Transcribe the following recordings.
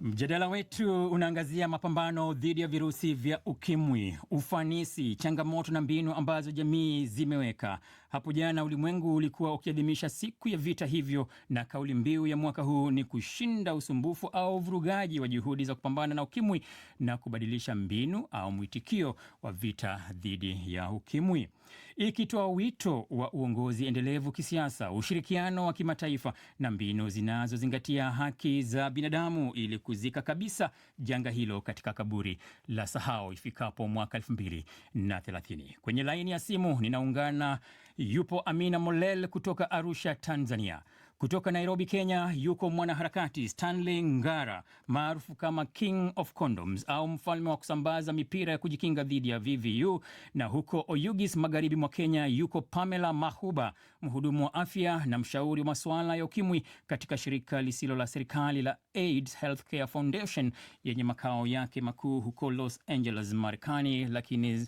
Mjadala wetu unaangazia mapambano dhidi ya virusi vya UKIMWI, ufanisi, changamoto na mbinu ambazo jamii zimeweka. Hapo jana ulimwengu ulikuwa ukiadhimisha siku ya vita hivyo, na kauli mbiu ya mwaka huu ni kushinda usumbufu au uvurugaji wa juhudi za kupambana na ukimwi na kubadilisha mbinu au mwitikio wa vita dhidi ya ukimwi, ikitoa wito wa uongozi endelevu kisiasa, ushirikiano wa kimataifa na mbinu zinazozingatia haki za binadamu ili kuzika kabisa janga hilo katika kaburi la sahau ifikapo mwaka 2 Kwenye laini ya simu ninaungana yupo Amina Molel kutoka Arusha, Tanzania. Kutoka Nairobi, Kenya, yuko mwanaharakati Stanley Ngara maarufu kama King of Condoms au mfalme wa kusambaza mipira ya kujikinga dhidi ya VVU. Na huko Oyugis, magharibi mwa Kenya, yuko Pamela Mahuba, mhudumu wa afya na mshauri wa masuala ya ukimwi katika shirika lisilo la serikali la AIDS Healthcare Foundation yenye makao yake makuu huko Los Angeles, Marekani, lakini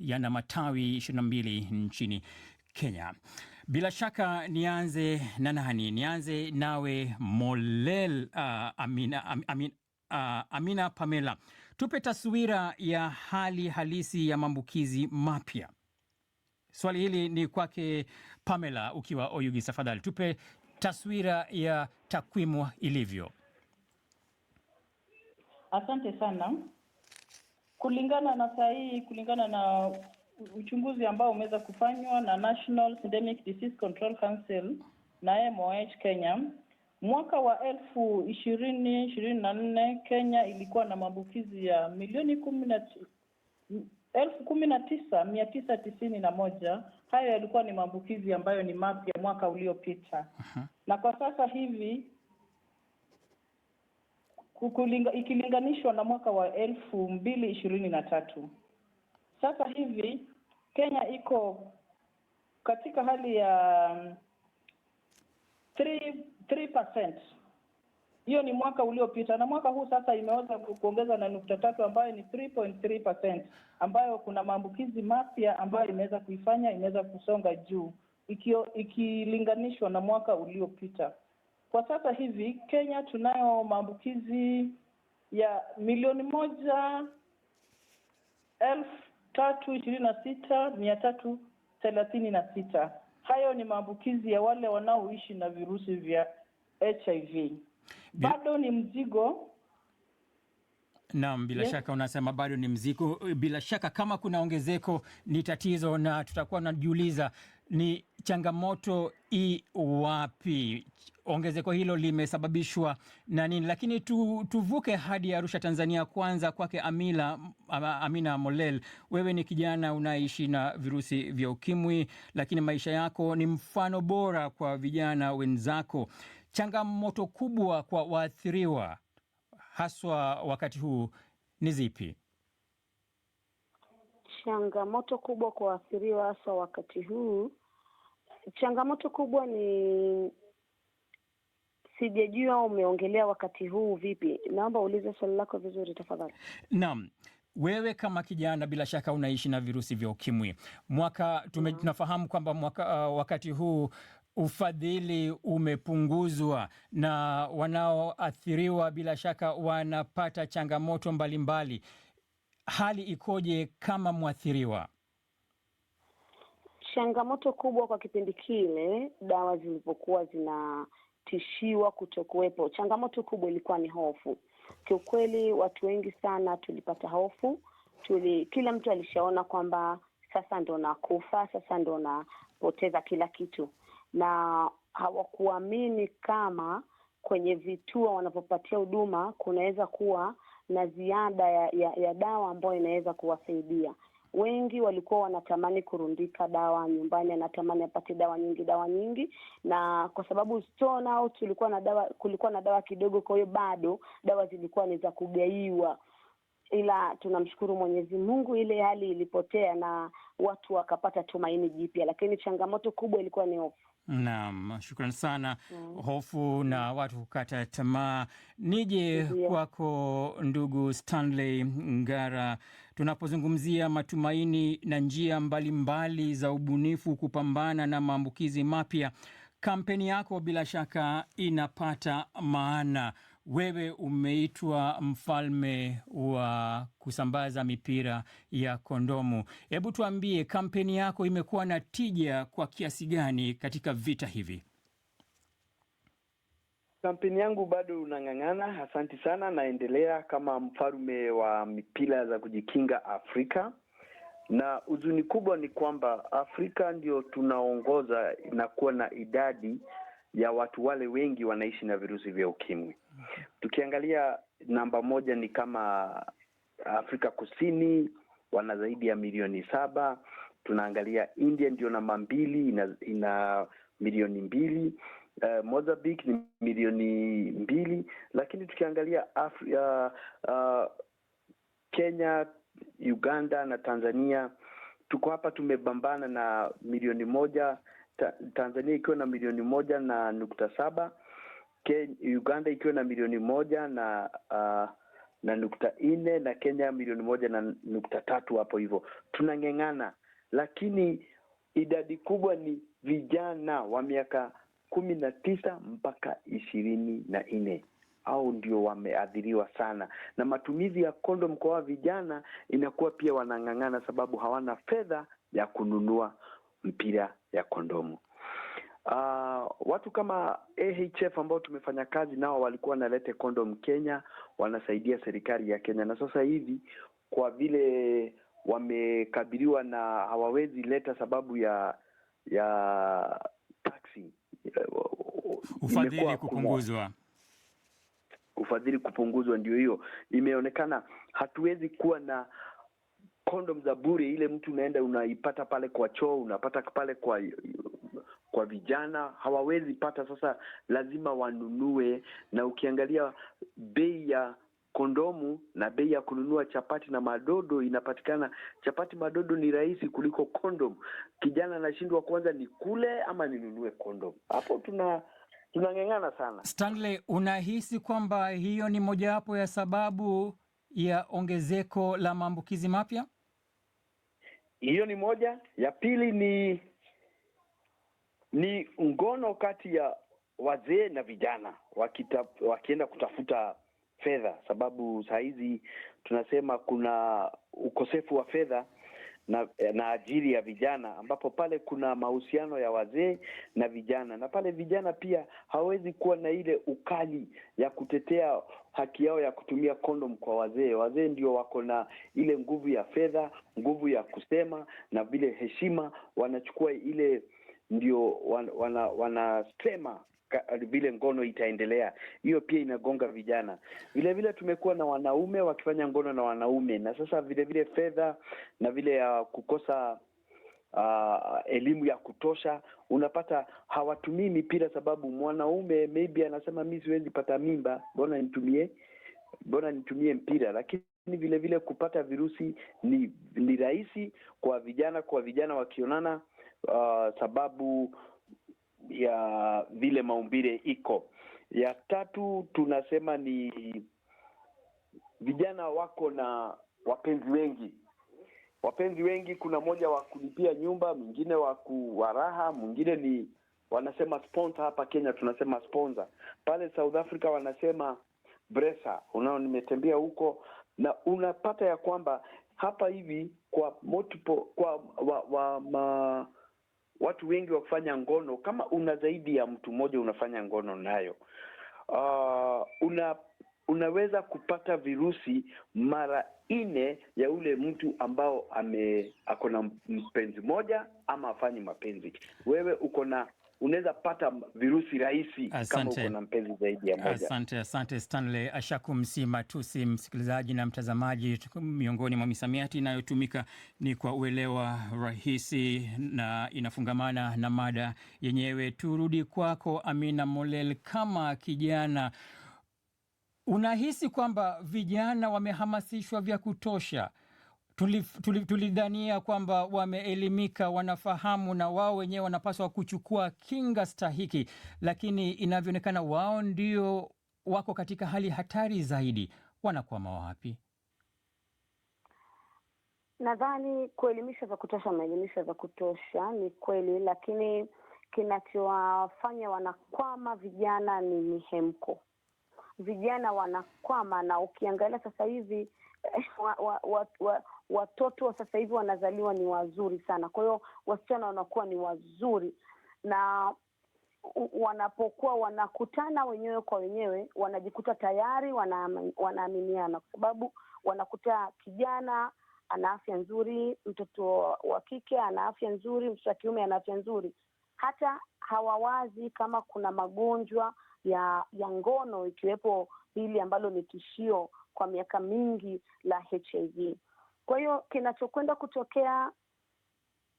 yana matawi 22 nchini Kenya. Bila shaka nianze na nani? Nianze nawe Molel, uh, Amina, am, amin, uh, Amina Pamela, tupe taswira ya hali halisi ya maambukizi mapya. Swali hili ni kwake Pamela, ukiwa Oyugi, tafadhali tupe taswira ya takwimu ilivyo. Asante sana. Kulingana na saa hii, kulingana na uchunguzi ambao umeweza kufanywa na National Endemic Disease Control Council na MOH Kenya mwaka wa elfu ishirini ishirini na nne Kenya ilikuwa na maambukizi ya milioni kumi na elfu kumi na tisa mia tisa tisini na moja. Hayo yalikuwa ni maambukizi ambayo ni mapya mwaka uliopita. uh -huh. Na kwa sasa hivi kukulinga, ikilinganishwa na mwaka wa elfu mbili ishirini na tatu sasa hivi Kenya iko katika hali ya 3 mm, 3%. Hiyo ni mwaka uliopita na mwaka huu sasa imeweza kuongeza na nukta tatu ambayo ni 3.3%, ambayo kuna maambukizi mapya ambayo imeweza kuifanya imeweza kusonga juu ikio, ikilinganishwa na mwaka uliopita. Kwa sasa hivi Kenya tunayo maambukizi ya milioni moja elfu tatu ishirini na sita mia tatu thelathini na sita. Hayo ni maambukizi ya wale wanaoishi na virusi vya HIV. Bado ni mzigo Naam, bila yes, shaka unasema bado ni mzigo. Bila shaka kama kuna ongezeko ni tatizo, na tutakuwa tunajiuliza ni changamoto i wapi ongezeko hilo limesababishwa na nini? Lakini tu, tuvuke hadi ya Arusha Tanzania kwanza kwake Amila, Amina Molel, wewe ni kijana unaishi na virusi vya ukimwi, lakini maisha yako ni mfano bora kwa vijana wenzako. Changamoto kubwa kwa waathiriwa haswa wakati huu ni zipi? Changamoto kubwa kwa waathiriwa haswa wakati huu, changamoto kubwa ni Sijajua umeongelea wakati huu vipi, naomba uulize swali lako vizuri tafadhali. Naam. Wewe kama kijana bila shaka unaishi na virusi vya ukimwi mwaka tume, mm. tunafahamu kwamba mwaka, uh, wakati huu ufadhili umepunguzwa na wanaoathiriwa bila shaka wanapata changamoto mbalimbali mbali. Hali ikoje kama mwathiriwa? Changamoto kubwa kwa kipindi kile dawa zilivyokuwa zina kutishiwa kutokuwepo. Changamoto kubwa ilikuwa ni hofu. Kiukweli watu wengi sana tulipata hofu tuli, kila mtu alishaona kwamba sasa ndo nakufa, sasa ndo napoteza kila kitu, na hawakuamini kama kwenye vituo wanapopatia huduma kunaweza kuwa na ziada ya, ya, ya dawa ambayo inaweza kuwasaidia wengi walikuwa wanatamani kurundika dawa nyumbani, anatamani apate dawa nyingi, dawa nyingi, na kwa sababu store nao tulikuwa na dawa, kulikuwa na dawa kidogo, kwa hiyo bado dawa zilikuwa ni za kugaiwa ila tunamshukuru Mwenyezi Mungu, ile hali ilipotea na watu wakapata tumaini jipya, lakini changamoto kubwa ilikuwa ni hofu. Naam, shukran sana mm. Hofu na watu kukata tamaa. Nije kwako ndugu Stanley Ngara, tunapozungumzia matumaini na njia mbalimbali mbali za ubunifu kupambana na maambukizi mapya, kampeni yako bila shaka inapata maana. Wewe umeitwa mfalme wa kusambaza mipira ya kondomu. Hebu tuambie, kampeni yako imekuwa na tija kwa kiasi gani katika vita hivi? Kampeni yangu bado unang'ang'ana. asanti sana, naendelea kama mfalme wa mipira za kujikinga Afrika, na huzuni kubwa ni kwamba Afrika ndio tunaongoza na kuwa na idadi ya watu wale wengi wanaishi na virusi vya ukimwi. Tukiangalia namba moja ni kama Afrika Kusini wana zaidi ya milioni saba. Tunaangalia India ndio namba mbili, ina, ina milioni mbili. Uh, Mozambique ni milioni mbili, lakini tukiangalia Afri, uh, uh, Kenya, Uganda na Tanzania tuko hapa tumebambana na milioni moja ta, Tanzania ikiwa na milioni moja na nukta saba Ken, Uganda ikiwa na milioni moja na uh, na nukta nne na Kenya milioni moja na nukta tatu hapo hivyo, tunang'eng'ana, lakini idadi kubwa ni vijana wa miaka kumi na tisa mpaka ishirini na nne au ndio wameathiriwa sana na matumizi ya kondom kwa wa vijana, inakuwa pia wanang'ang'ana sababu hawana fedha ya kununua mpira ya kondomu. Uh, watu kama AHF ambao tumefanya kazi nao walikuwa wanalete kondom Kenya, wanasaidia serikali ya Kenya, na sasa hivi kwa vile wamekabiliwa na hawawezi leta sababu ya ya taksi eh, ufadhili kupunguzwa, ufadhili kupunguzwa, ndio hiyo imeonekana hatuwezi kuwa na kondom za bure, ile mtu unaenda unaipata pale kwa choo, unapata pale kwa kwa vijana hawawezi pata, sasa lazima wanunue. Na ukiangalia bei ya kondomu na bei ya kununua chapati na madodo inapatikana, chapati madodo ni rahisi kuliko kondom Kijana anashindwa kwanza, ni kule ama ninunue kondom Hapo tuna tunang'eng'ana sana. Stanley, unahisi kwamba hiyo ni mojawapo ya sababu ya ongezeko la maambukizi mapya? hiyo ni moja. Ya pili ni ni ngono kati ya wazee na vijana wakita, wakienda kutafuta fedha, sababu saa hizi tunasema kuna ukosefu wa fedha na, na ajili ya vijana ambapo pale kuna mahusiano ya wazee na vijana, na pale vijana pia hawawezi kuwa na ile ukali ya kutetea haki yao ya kutumia kondom kwa wazee. Wazee ndio wako na ile nguvu ya fedha, nguvu ya kusema na vile heshima, wanachukua ile ndio wanasema wana vile ngono itaendelea. Hiyo pia inagonga vijana. Vilevile tumekuwa na wanaume wakifanya ngono na wanaume, na sasa vilevile fedha na vile ya uh, kukosa Uh, elimu ya kutosha, unapata hawatumii mipira sababu mwanaume maybe anasema mi siwezi pata mimba, mbona nitumie mbona nitumie mpira? Lakini vilevile vile kupata virusi ni, ni rahisi kwa vijana kwa vijana wakionana, uh, sababu ya vile maumbile iko. Ya tatu tunasema ni vijana wako na wapenzi wengi, wapenzi wengi. Kuna mmoja wa kulipia nyumba, mwingine wa kuwaraha, mwingine ni wanasema sponsor. Hapa Kenya tunasema sponsor, pale South Africa wanasema bresa. Unao, nimetembea huko na unapata ya kwamba hapa hivi kwa multiple, kwa wa, wa, ma watu wengi wa kufanya ngono, kama una zaidi ya mtu mmoja unafanya ngono nayo, uh, una unaweza kupata virusi mara nne ya ule mtu ambao ame ako na mpenzi moja ama afanyi mapenzi. Wewe uko na unaweza pata virusi rahisi kama uko na mpenzi zaidi ya moja. Asante, asante Stanley Ashaku Msimatusi. Msikilizaji na mtazamaji, miongoni mwa misamiati inayotumika ni kwa uelewa rahisi na inafungamana na mada yenyewe. Turudi kwako Amina Molel, kama kijana unahisi kwamba vijana wamehamasishwa vya kutosha Tulidhania tuli, tuli kwamba wameelimika, wanafahamu na wao wenyewe wanapaswa kuchukua kinga stahiki, lakini inavyoonekana wao ndio wako katika hali hatari zaidi. Wanakwama wapi? Nadhani kuelimisha vya kutosha, wameelimisha vya kutosha, ni kweli, lakini kinachowafanya wanakwama vijana ni mihemko. Vijana wanakwama, na ukiangalia sasa hivi eh, wa, wa, wa, wa, watoto wa sasa hivi wanazaliwa ni wazuri sana. Kwa hiyo wasichana wanakuwa ni wazuri, na wanapokuwa wanakutana wenyewe kwa wenyewe, wanajikuta tayari wanaaminiana, kwa sababu wanakuta kijana ana afya nzuri, mtoto wa kike ana afya nzuri, mtoto wa kiume ana afya nzuri. Hata hawawazi kama kuna magonjwa ya ya ngono, ikiwepo hili ambalo ni tishio kwa miaka mingi la HIV. Kwa hiyo kinachokwenda kutokea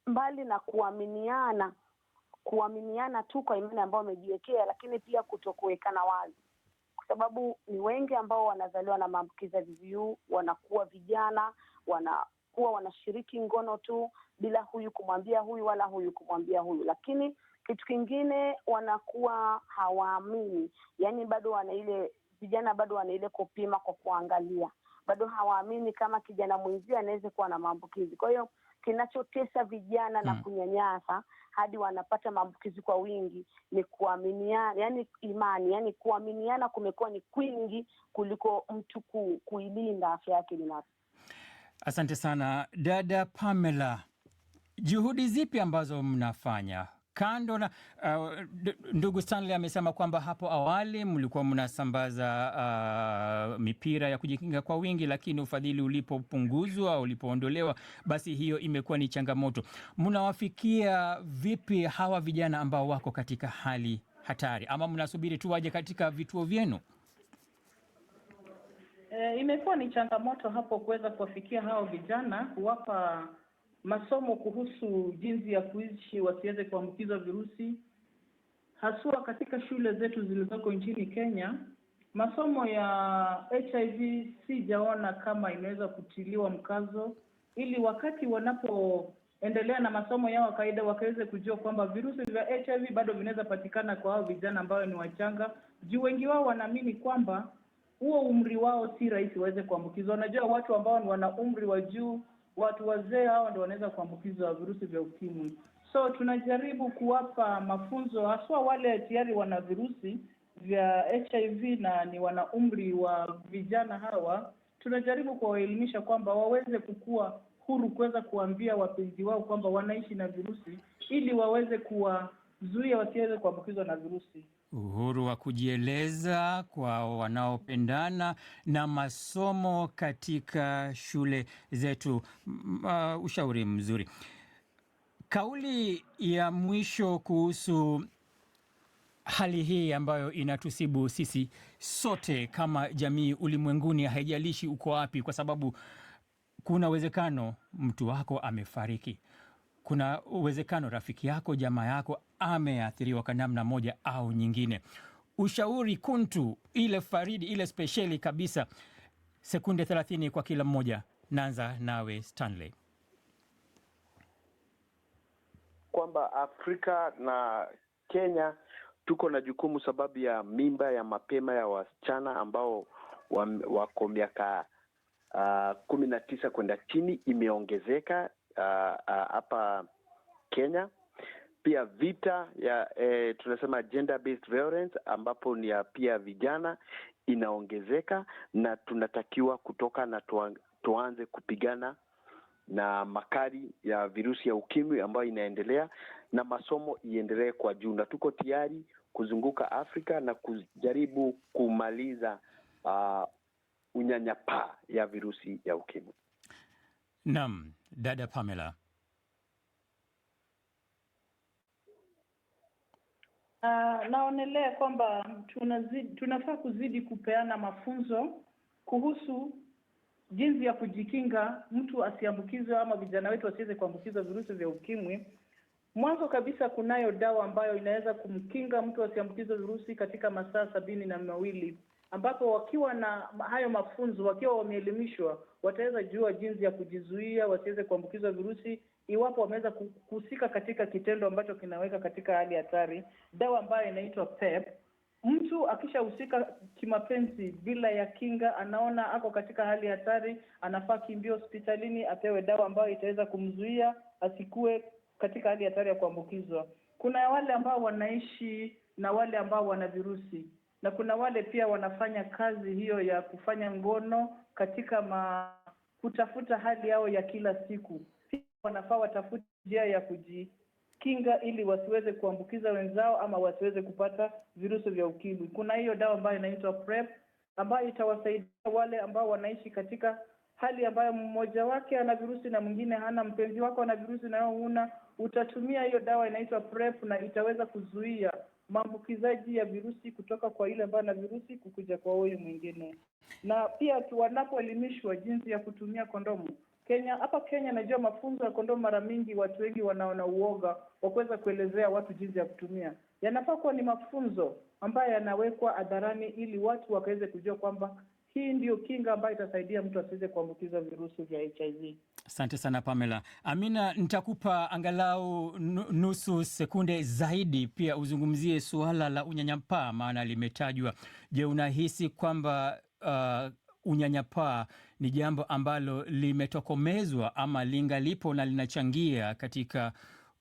mbali na kuaminiana, kuaminiana tu kwa imani ambayo wamejiwekea, lakini pia kutokuwekana wazi, kwa sababu ni wengi ambao wanazaliwa na maambukizi ya VVU, wanakuwa vijana, wanakuwa wanashiriki ngono tu bila huyu kumwambia huyu wala huyu kumwambia huyu. Lakini kitu kingine, wanakuwa hawaamini, yaani bado wana ile vijana bado wana ile kupima kwa kuangalia bado hawaamini kama kijana mwenzio anaweza kuwa na maambukizi. Kwa hiyo kinachotesa vijana hmm, na mm. kunyanyasa hadi wanapata maambukizi kwa wingi ni kuaminiana, yani imani, yani kuaminiana kumekuwa ni kwingi kuliko mtu ku, kuilinda afya yake binafsi. Asante sana dada Pamela, juhudi zipi ambazo mnafanya Kando na uh, ndugu Stanley amesema kwamba hapo awali mlikuwa mnasambaza uh, mipira ya kujikinga kwa wingi, lakini ufadhili ulipopunguzwa, ulipoondolewa, basi hiyo imekuwa ni changamoto. Mnawafikia vipi hawa vijana ambao wako katika hali hatari, ama mnasubiri tu waje katika vituo vyenu? E, imekuwa ni changamoto hapo kuweza kuwafikia hao vijana kuwapa masomo kuhusu jinsi ya kuishi wasiweze kuambukizwa virusi haswa katika shule zetu zilizoko nchini Kenya. Masomo ya HIV sijaona kama imeweza kutiliwa mkazo, ili wakati wanapoendelea na masomo yao kawaida wakaweze kujua kwamba virusi vya HIV bado vinaweza patikana kwa hao vijana ambao ni wachanga, juu wengi wao wanaamini kwamba huo umri wao si rahisi waweze kuambukizwa. Wanajua watu ambao ni wana umri wa juu watu wazee hawa ndio wanaweza kuambukizwa virusi vya ukimwi. So tunajaribu kuwapa mafunzo haswa wale tayari wana virusi vya HIV na ni wana umri wa vijana hawa, tunajaribu kuwaelimisha kwamba waweze kukua huru kuweza kuambia wapenzi wao kwamba wanaishi na virusi, ili waweze kuwazuia wasiweze kuambukizwa na virusi uhuru wa kujieleza kwa wanaopendana na masomo katika shule zetu. Uh, ushauri mzuri. Kauli ya mwisho kuhusu hali hii ambayo inatusibu sisi sote kama jamii ulimwenguni, haijalishi uko wapi, kwa sababu kuna uwezekano mtu wako amefariki kuna uwezekano rafiki yako, jamaa yako ameathiriwa kwa namna moja au nyingine. Ushauri kuntu ile faridi ile spesheli kabisa, sekunde thelathini kwa kila mmoja. Naanza nawe Stanley. Kwamba Afrika na Kenya tuko na jukumu sababu ya mimba ya mapema ya wasichana ambao wako miaka uh, kumi na tisa kwenda chini imeongezeka hapa uh, uh, Kenya pia vita ya eh, tunasema gender based violence ambapo ni ya pia vijana inaongezeka, na tunatakiwa kutoka na tuanze kupigana na makali ya virusi ya ukimwi ambayo inaendelea, na masomo iendelee kwa juu, na tuko tayari kuzunguka Afrika na kujaribu kumaliza uh, unyanyapaa ya virusi ya ukimwi. Naam. Dada Pamela, uh, naonelea kwamba tunazidi, tunafaa kuzidi kupeana mafunzo kuhusu jinsi ya kujikinga mtu asiambukizwe ama vijana wetu wasiweze kuambukizwa virusi vya ukimwi. Mwanzo kabisa kunayo dawa ambayo inaweza kumkinga mtu asiambukizwe virusi katika masaa sabini na mawili ambapo wakiwa na hayo mafunzo, wakiwa wameelimishwa, wataweza jua jinsi ya kujizuia wasiweze kuambukizwa virusi, iwapo wameweza kuhusika katika kitendo ambacho kinaweka katika hali hatari dawa ambayo inaitwa PEP. Mtu akishahusika kimapenzi bila ya kinga, anaona ako katika hali hatari, anafaa kimbia hospitalini apewe dawa ambayo itaweza kumzuia asikuwe katika hali hatari ya kuambukizwa. Kuna wale ambao wanaishi na wale ambao wana virusi na kuna wale pia wanafanya kazi hiyo ya kufanya ngono katika ma, kutafuta hali yao ya kila siku. Pia wanafaa watafute njia ya kujikinga ili wasiweze kuambukiza wenzao ama wasiweze kupata virusi vya ukimwi. Kuna hiyo dawa ambayo inaitwa PrEP ambayo itawasaidia wale ambao wanaishi katika hali ambayo mmoja wake ana virusi na mwingine hana, mpenzi wako ana virusi na wewe una, utatumia hiyo dawa inaitwa PrEP na itaweza kuzuia maambukizaji ya virusi kutoka kwa ile ambayo na virusi kukuja kwa huyu mwingine, na pia tu wanapoelimishwa jinsi ya kutumia kondomu Kenya, hapa Kenya najua mafunzo ya kondomu, mara mingi watu wengi wanaona uoga wa kuweza kuelezea watu jinsi ya kutumia. Yanafaa kuwa ni mafunzo ambayo yanawekwa hadharani ili watu wakaweze kujua kwamba hii ndio kinga ambayo itasaidia mtu asiweze kuambukizwa virusi vya HIV. Asante sana Pamela. Amina, nitakupa angalau nusu sekunde zaidi pia uzungumzie suala la unyanyapaa, maana limetajwa. Je, unahisi kwamba uh, unyanyapaa ni jambo ambalo limetokomezwa ama lingalipo na linachangia katika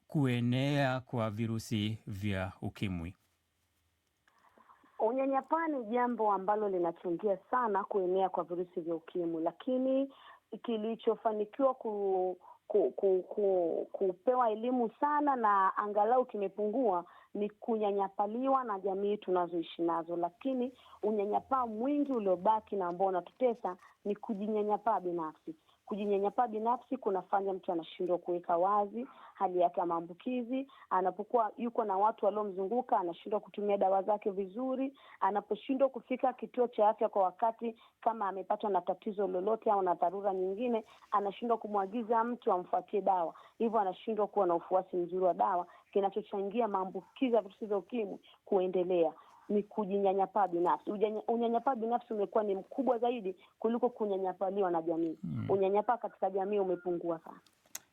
kuenea kwa virusi vya ukimwi? Unyanyapaa ni jambo ambalo linachangia sana kuenea kwa virusi vya ukimwi, lakini kilichofanikiwa ku, ku, ku, ku, kupewa elimu sana na angalau kimepungua ni kunyanyapaliwa na jamii tunazoishi nazo, lakini unyanyapaa mwingi uliobaki na ambao unatutesa ni kujinyanyapaa binafsi. Kujinyanyapaa binafsi kunafanya mtu anashindwa kuweka wazi hali yake ya maambukizi. Anapokuwa yuko na watu waliomzunguka, anashindwa kutumia dawa zake vizuri. Anaposhindwa kufika kituo cha afya kwa wakati, kama amepatwa na tatizo lolote au na dharura nyingine, anashindwa kumwagiza mtu amfuatie dawa, hivyo anashindwa kuwa na ufuasi mzuri wa dawa, kinachochangia maambukizi ya virusi vya ukimwi kuendelea ni kujinyanyapaa binafsi. Unyanyapaa binafsi umekuwa ni mkubwa zaidi kuliko kunyanyapaliwa na jamii mm. Unyanyapaa katika jamii umepungua sana.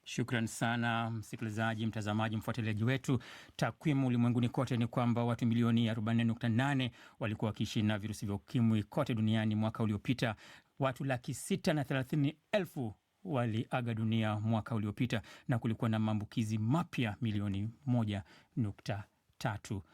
Shukran sana msikilizaji, mtazamaji, mfuatiliaji wetu. Takwimu ulimwenguni kote ni kwamba watu milioni 44.8 walikuwa wakiishi na virusi vya ukimwi kote duniani mwaka uliopita. Watu laki sita na thelathini elfu waliaga dunia mwaka uliopita na kulikuwa na maambukizi mapya milioni 1.3.